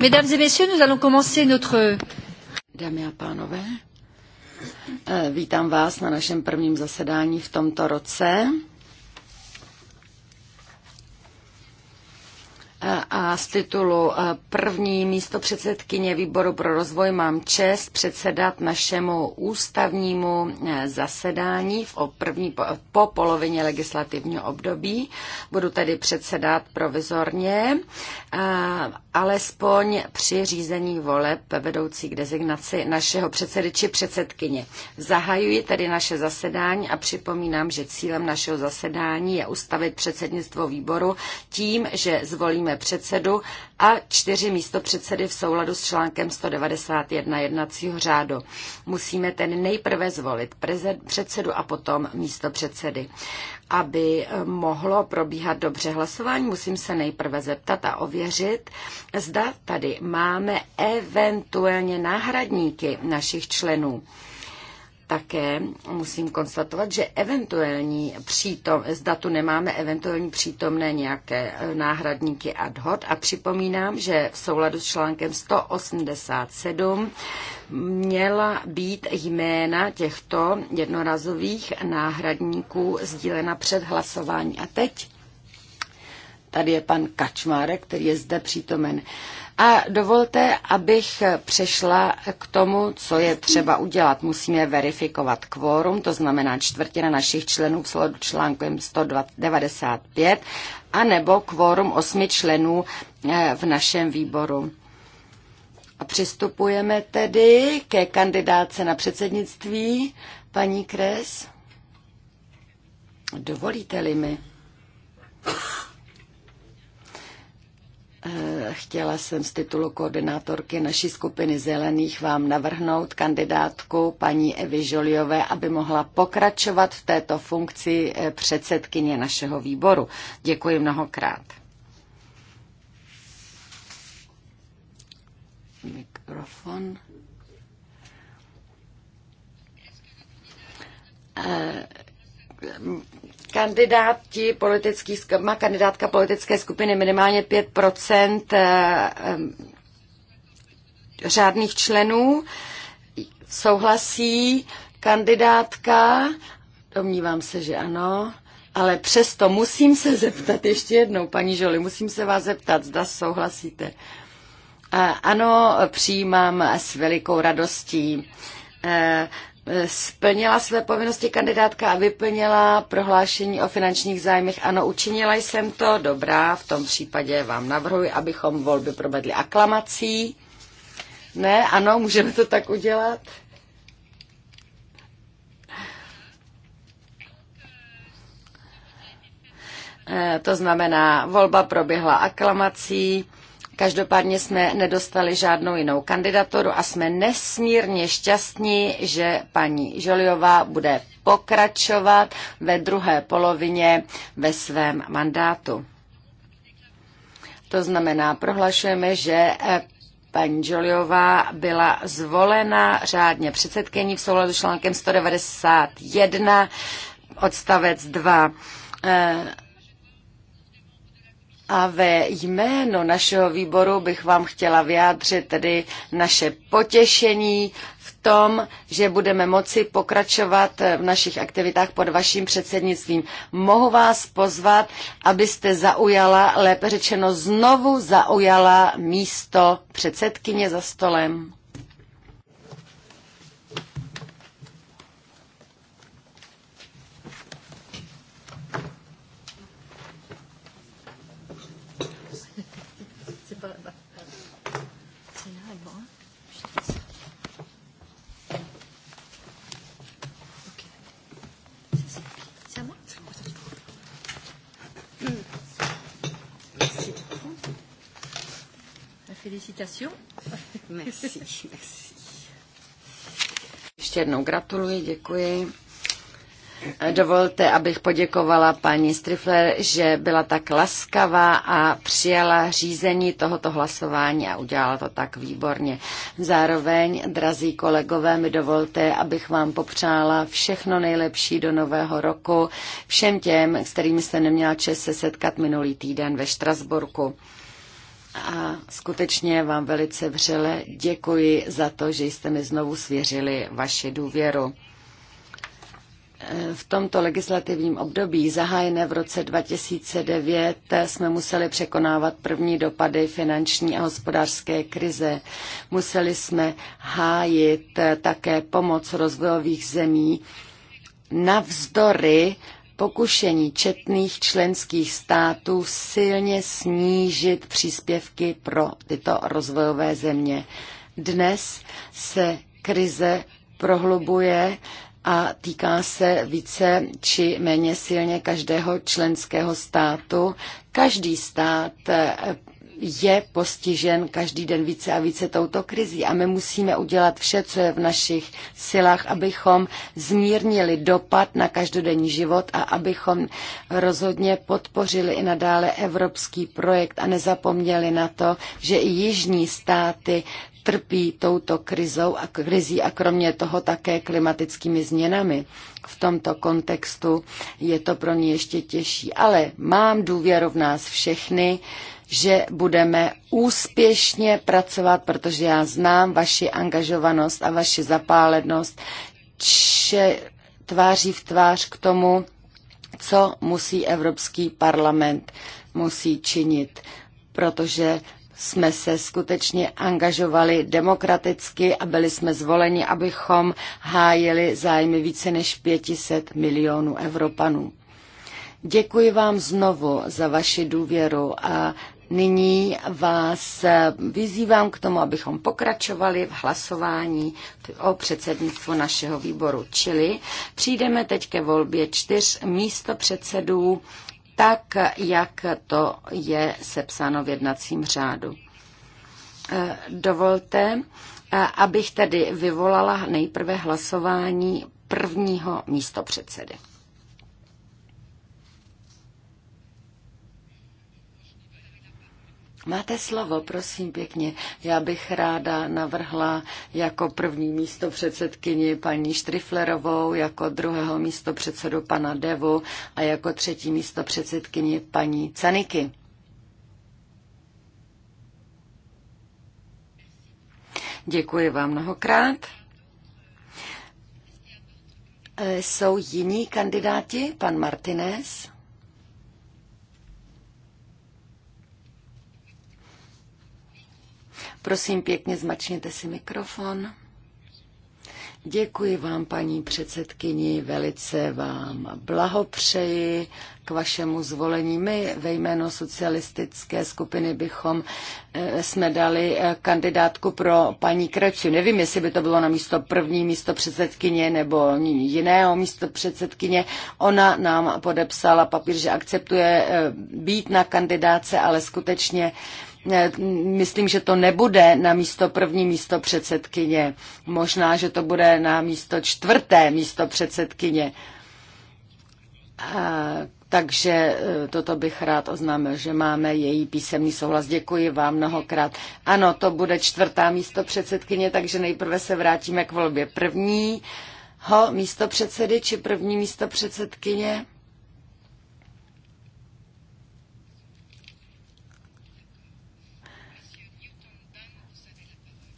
Mesdames et messieurs, nous allons commencer notre... Dámy a pánové, eh, vítám vás na našem prvním zasedání v tomto roce. titulu eh, první místo předsedkyně výboru pro rozvoj mám čest předsedat našemu ústavnímu eh, zasedání v první, eh, po polovině legislativního období. Budu tedy předsedat provizorně, alespoň při řízení voleb vedoucí k designaci našeho předsedy či předsedkyně. Zahajuji tedy naše zasedání a připomínám, že cílem našeho zasedání je ustavit předsednictvo výboru tím, že zvolíme předsedu, a čtyři místopředsedy v souladu s článkem 191 jednacího řádu. Musíme ten nejprve zvolit předsedu a potom místopředsedy. Aby eh, mohlo probíhat dobře hlasování, musím se nejprve zeptat a ověřit, zda tady máme eventuálně náhradníky našich členů. Také musím konstatovat, že eventuální přítom, zda tu nemáme eventuální přítomné nějaké eh, náhradníky ad hoc a připomínám, že v souladu s článkem 187 měla být jména těchto jednorazových náhradníků sdílena před hlasování. A teď Tady je pan Kačmárek, který je zde přítomen. A dovolte, abych přešla k tomu, co je třeba udělat. Musíme verifikovat kvórum, to znamená čtvrtina našich členů v sledu článkem 195, anebo kvórum osmi členů eh, v našem výboru. A přistupujeme tedy ke kandidáce na předsednictví, paní Kres. Dovolíte-li mi? Eh, chtěla jsem z titulu koordinátorky naší skupiny Zelených vám navrhnout kandidátku paní Evy Žoliové, aby mohla pokračovat v této funkci eh, předsedkyně našeho výboru. Děkuji mnohokrát. Mikrofon. E kandidáti politický, má kandidátka politické skupiny minimálně 5 eh, řádných členů. Souhlasí kandidátka? Domnívám se, že ano. Ale přesto musím se zeptat ještě jednou, paní Žoli, musím se vás zeptat, zda souhlasíte. Eh, ano, přijímám s velikou radostí eh, splnila své povinnosti kandidátka a vyplnila prohlášení o finančních zájmech. Ano, učinila jsem to, dobrá, v tom případě vám navrhuji, abychom volby provedli aklamací. Ne, ano, můžeme to tak udělat. Eh, to znamená, volba proběhla aklamací Každopádně jsme nedostali žádnou jinou kandidaturu a jsme nesmírně šťastní, že paní Žoliová bude pokračovat ve druhé polovině ve svém mandátu. To znamená, prohlašujeme, že eh, paní Žoliová byla zvolena řádně předsedkyní v souladu s článkem 191 odstavec 2 a ve jméno našeho výboru bych vám chtěla vyjádřit tedy naše potěšení v tom, že budeme moci pokračovat v našich aktivitách pod vaším předsednictvím. Mohu vás pozvat, abyste zaujala, lépe řečeno znovu zaujala místo předsedkyně za stolem. Merci, merci. Ještě jednou gratuluji, děkuji. Dovolte, abych poděkovala paní Strifler, že byla tak laskavá a přijala řízení tohoto hlasování a udělala to tak výborně. Zároveň, drazí kolegové, mi dovolte, abych vám popřála všechno nejlepší do nového roku všem těm, s kterými jste neměla čas se setkat minulý týden ve Štrasburku. A skutečně vám velice vřele děkuji za to, že jste mi znovu svěřili vaši důvěru. V tomto legislativním období, zahájené v roce 2009, jsme museli překonávat první dopady finanční a hospodářské krize. Museli jsme hájit také pomoc rozvojových zemí navzdory pokušení četných členských států silně snížit příspěvky pro tyto rozvojové země. Dnes se krize prohlubuje a týká se více či méně silně každého členského státu. Každý stát je postižen každý den více a více touto krizí a my musíme udělat vše, co je v našich silách, abychom zmírnili dopad na každodenní život a abychom rozhodně podpořili i nadále evropský projekt a nezapomněli na to, že i jižní státy trpí touto krizou a krizí a kromě toho také klimatickými změnami. V tomto kontextu je to pro ně ještě těžší. Ale mám důvěru v nás všechny, že budeme úspěšně pracovat, protože já znám vaši angažovanost a vaši zapálenost če, tváří v tvář k tomu, co musí Evropský parlament musí činit, protože jsme se skutečně angažovali demokraticky a byli jsme zvoleni, abychom hájili zájmy více než 500 milionů Evropanů. Děkuji vám znovu za vaši důvěru a nyní vás vyzývám k tomu, abychom pokračovali v hlasování o předsednictvu našeho výboru. Čili přijdeme teď ke volbě čtyř místopředsedů předsedů tak, jak to je sepsáno v jednacím řádu. E, dovolte, e, abych tedy vyvolala nejprve hlasování prvního místopředsedy. Máte slovo, prosím pěkně. Já bych ráda navrhla jako první místo předsedkyni paní Štriflerovou, jako druhého místo předsedu pana Devu a jako třetí místo předsedkyni paní Caniky. Děkuji vám mnohokrát. Eh, jsou jiní kandidáti? Pan Martinez? Prosím pěkně, zmačněte si mikrofon. Děkuji vám, paní předsedkyni, velice vám blahopřeji k vašemu zvolení. My ve jméno socialistické skupiny bychom eh, jsme dali eh, kandidátku pro paní Kreču. Nevím, jestli by to bylo na místo první místo předsedkyně nebo jiného místo předsedkyně. Ona nám podepsala papír, že akceptuje eh, být na kandidáce, ale skutečně Eh, myslím, že to nebude na místo první místo předsedkyně. Možná, že to bude na místo čtvrté místo předsedkyně. takže eh, toto bych rád oznámil, že máme její písemný souhlas. Děkuji vám mnohokrát. Ano, to bude čtvrtá místo předsedkyně, takže nejprve se vrátíme k volbě prvního místo předsedy či první místo předsedkyně.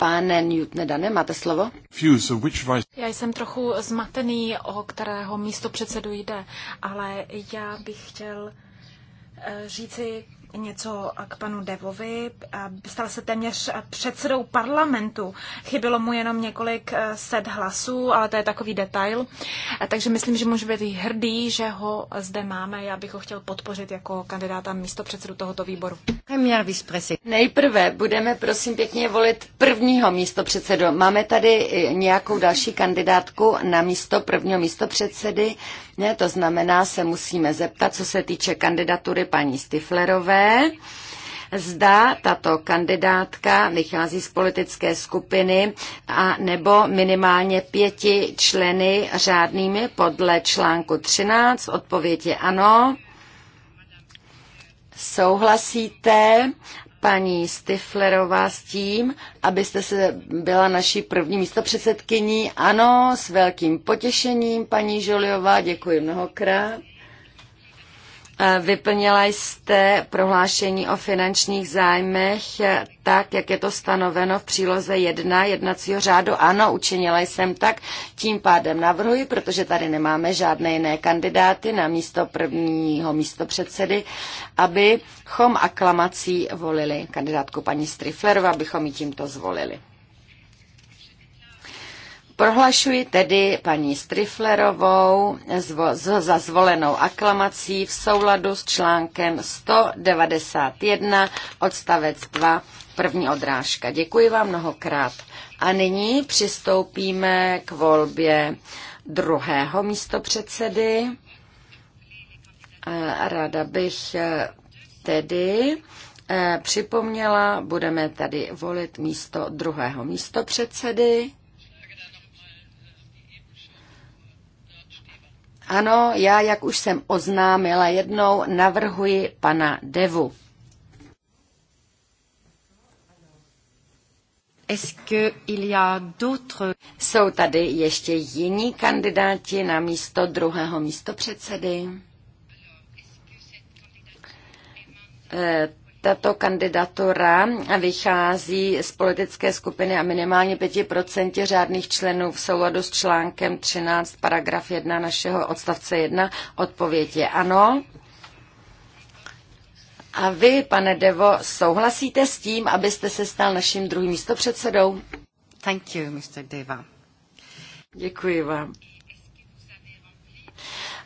Pane Newtne, Dane, máte slovo? Já jsem trochu zmatený, o kterého místo předsedu jde, ale já bych chtěl eh, říci něco k panu Devovi. Stal se téměř předsedou parlamentu. Chybělo mu jenom několik eh, set hlasů, ale to je takový detail. Takže myslím, že může být hrdý, že ho zde máme. Já bych ho chtěl podpořit jako kandidáta místo předsedu tohoto výboru. Nejprve budeme prosím pěkně volit prvního místo předsedu. Máme tady nějakou další kandidátku na místo prvního místo předsedy. Ne, to znamená, se musíme zeptat, co se týče kandidatury paní Stiflerové zda tato kandidátka vychází z politické skupiny a nebo minimálně pěti členy řádnými podle článku 13. Odpověď je ano. Souhlasíte, paní Stiflerová, s tím, abyste se byla naší první místo předsedkyní? Ano, s velkým potěšením, paní Žoliová, děkuji mnohokrát. Eh, vyplnila jste prohlášení o finančních zájmech eh, tak, jak je to stanoveno v příloze 1 jednacího řádu. Ano, učinila jsem tak. Tím pádem navrhuji, protože tady nemáme žádné jiné kandidáty na místo prvního místopředsedy, abychom aklamací volili kandidátku paní Striflerová, abychom ji tímto zvolili. Prohlašuji tedy paní Striflerovou za zvolenou aklamací v souladu s článkem 191 odstavec 2 první odrážka. Děkuji vám mnohokrát. A nyní přistoupíme k volbě druhého místopředsedy. Ráda bych eh, tedy eh, připomněla, budeme tady volit místo druhého místopředsedy. Ano, já, jak už jsem oznámila jednou, navrhuji pana Devu. Jsou tady ještě jiní kandidáti na místo druhého místopředsedy? Eh, tato kandidatura vychází z politické skupiny a minimálně 5% řádných členů v souladu s článkem 13 paragraf 1 našeho odstavce 1. Odpověď je ano. A vy, pane Devo, souhlasíte s tím, abyste se stal naším druhým místopředsedou? Thank you, Mr. Deva. Děkuji vám.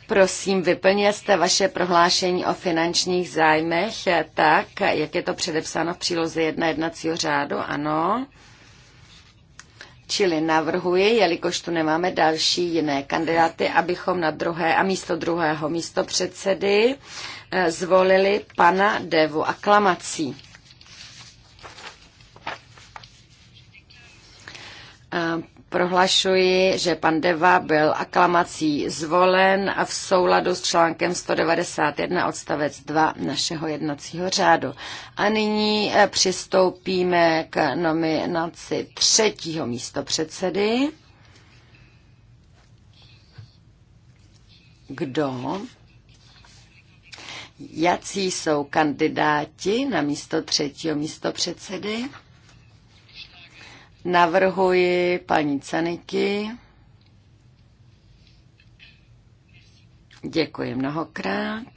Prosím, vyplněte vaše prohlášení o finančních zájmech eh, tak, jak je to předepsáno v příloze 1 jednacího řádu, ano. Čili navrhuji, jelikož tu nemáme další jiné kandidáty, abychom na druhé a místo druhého místo předsedy eh, zvolili pana Devu aklamací. Eh, Prohlašuji, že pan Deva byl aklamací zvolen a v souladu s článkem 191 odstavec 2 našeho jednacího řádu. A nyní eh, přistoupíme k nominaci třetího místopředsedy. Kdo? Jací jsou kandidáti na místo třetího místopředsedy? předsedy? Navrhuji paní Caniky. Děkuji mnohokrát.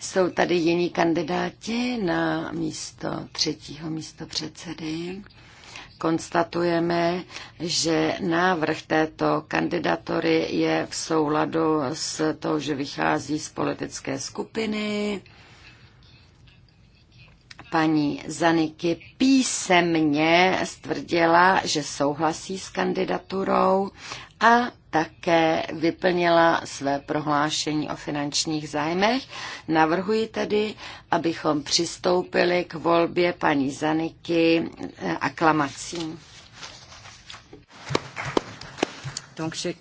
Jsou tady jiní kandidáti na místo třetího místo předsedy. Konstatujeme, že návrh této kandidatory je v souladu s tou, že vychází z politické skupiny paní Zaniky písemně stvrdila, že souhlasí s kandidaturou a také vyplnila své prohlášení o finančních zájmech. Navrhuji tedy, abychom přistoupili k volbě paní Zaniky eh, aklamací. Donc je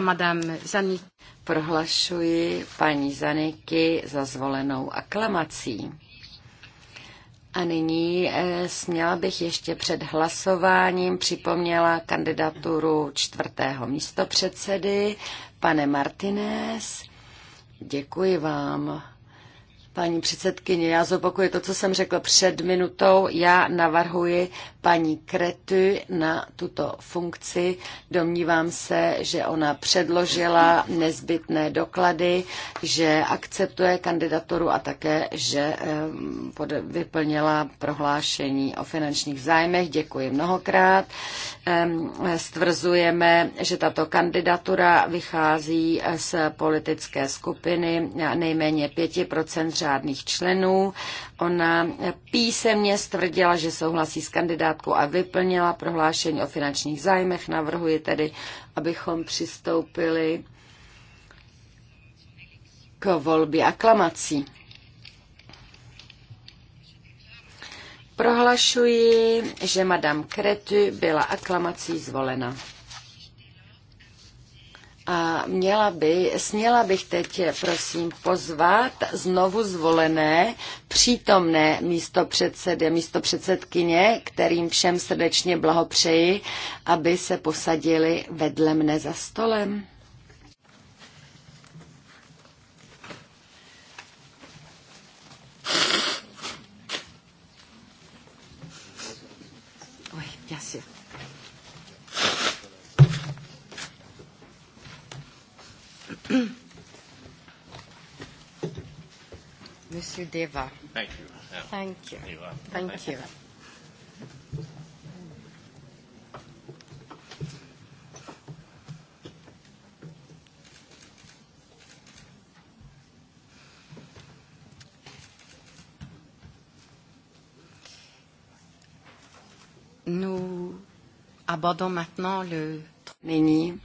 Madame Prohlašuji paní Zaniky za zvolenou aklamací. A nyní eh, směla bych ještě před hlasováním připomněla kandidaturu čtvrtého místopředsedy, pane Martinez. Děkuji vám. Paní předsedkyně, já zopakuji to, co jsem řekl před minutou. Já navrhuji paní Kretu na tuto funkci. Domnívám se, že ona předložila nezbytné doklady, že akceptuje kandidaturu a také, že eh, vyplnila prohlášení o finančních zájmech. Děkuji mnohokrát. Stvrzujeme, že tato kandidatura vychází z politické skupiny nejméně 5% řádných členů. Ona písemně stvrdila, že souhlasí s kandidátem pořádku a vyplnila prohlášení o finančních zájmech. Navrhuji tedy, abychom přistoupili k volbě aklamací. Prohlašuji, že Madame Kretu byla aklamací zvolena. A měla by, směla bych teď, prosím, pozvat znovu zvolené přítomné místo předsedy, místo předsedkyně, kterým všem srdečně blahopřeji, aby se posadili vedle mne za stolem. Oj, jasně. Monsieur Deva. Thank you. Yeah. Thank you. Deva. Thank, you. Nous abordons maintenant le... Nyní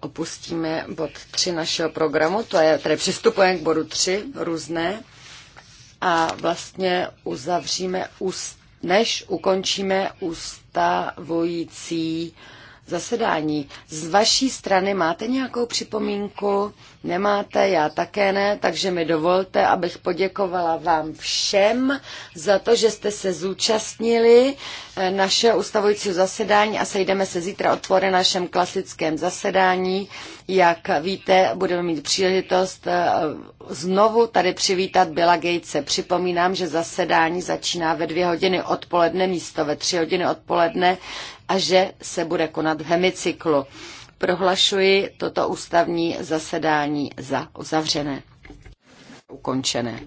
opustíme bod 3 našeho programu, to je tedy přistupujeme k bodu 3, různé, a vlastně uzavříme, než ukončíme ustavující zasedání. Z vaší strany máte nějakou připomínku? Nemáte, já také ne, takže mi dovolte, abych poděkovala vám všem za to, že jste se zúčastnili eh, našeho ustavujícího zasedání a sejdeme se zítra otvore našem klasickém zasedání. Jak víte, budeme mít příležitost eh, znovu tady přivítat Billa Gatese. Připomínám, že zasedání začíná ve dvě hodiny odpoledne místo ve tři hodiny odpoledne a že se bude konat v hemicyklu. Prohlašuji toto ústavní zasedání za uzavřené. Ukončené.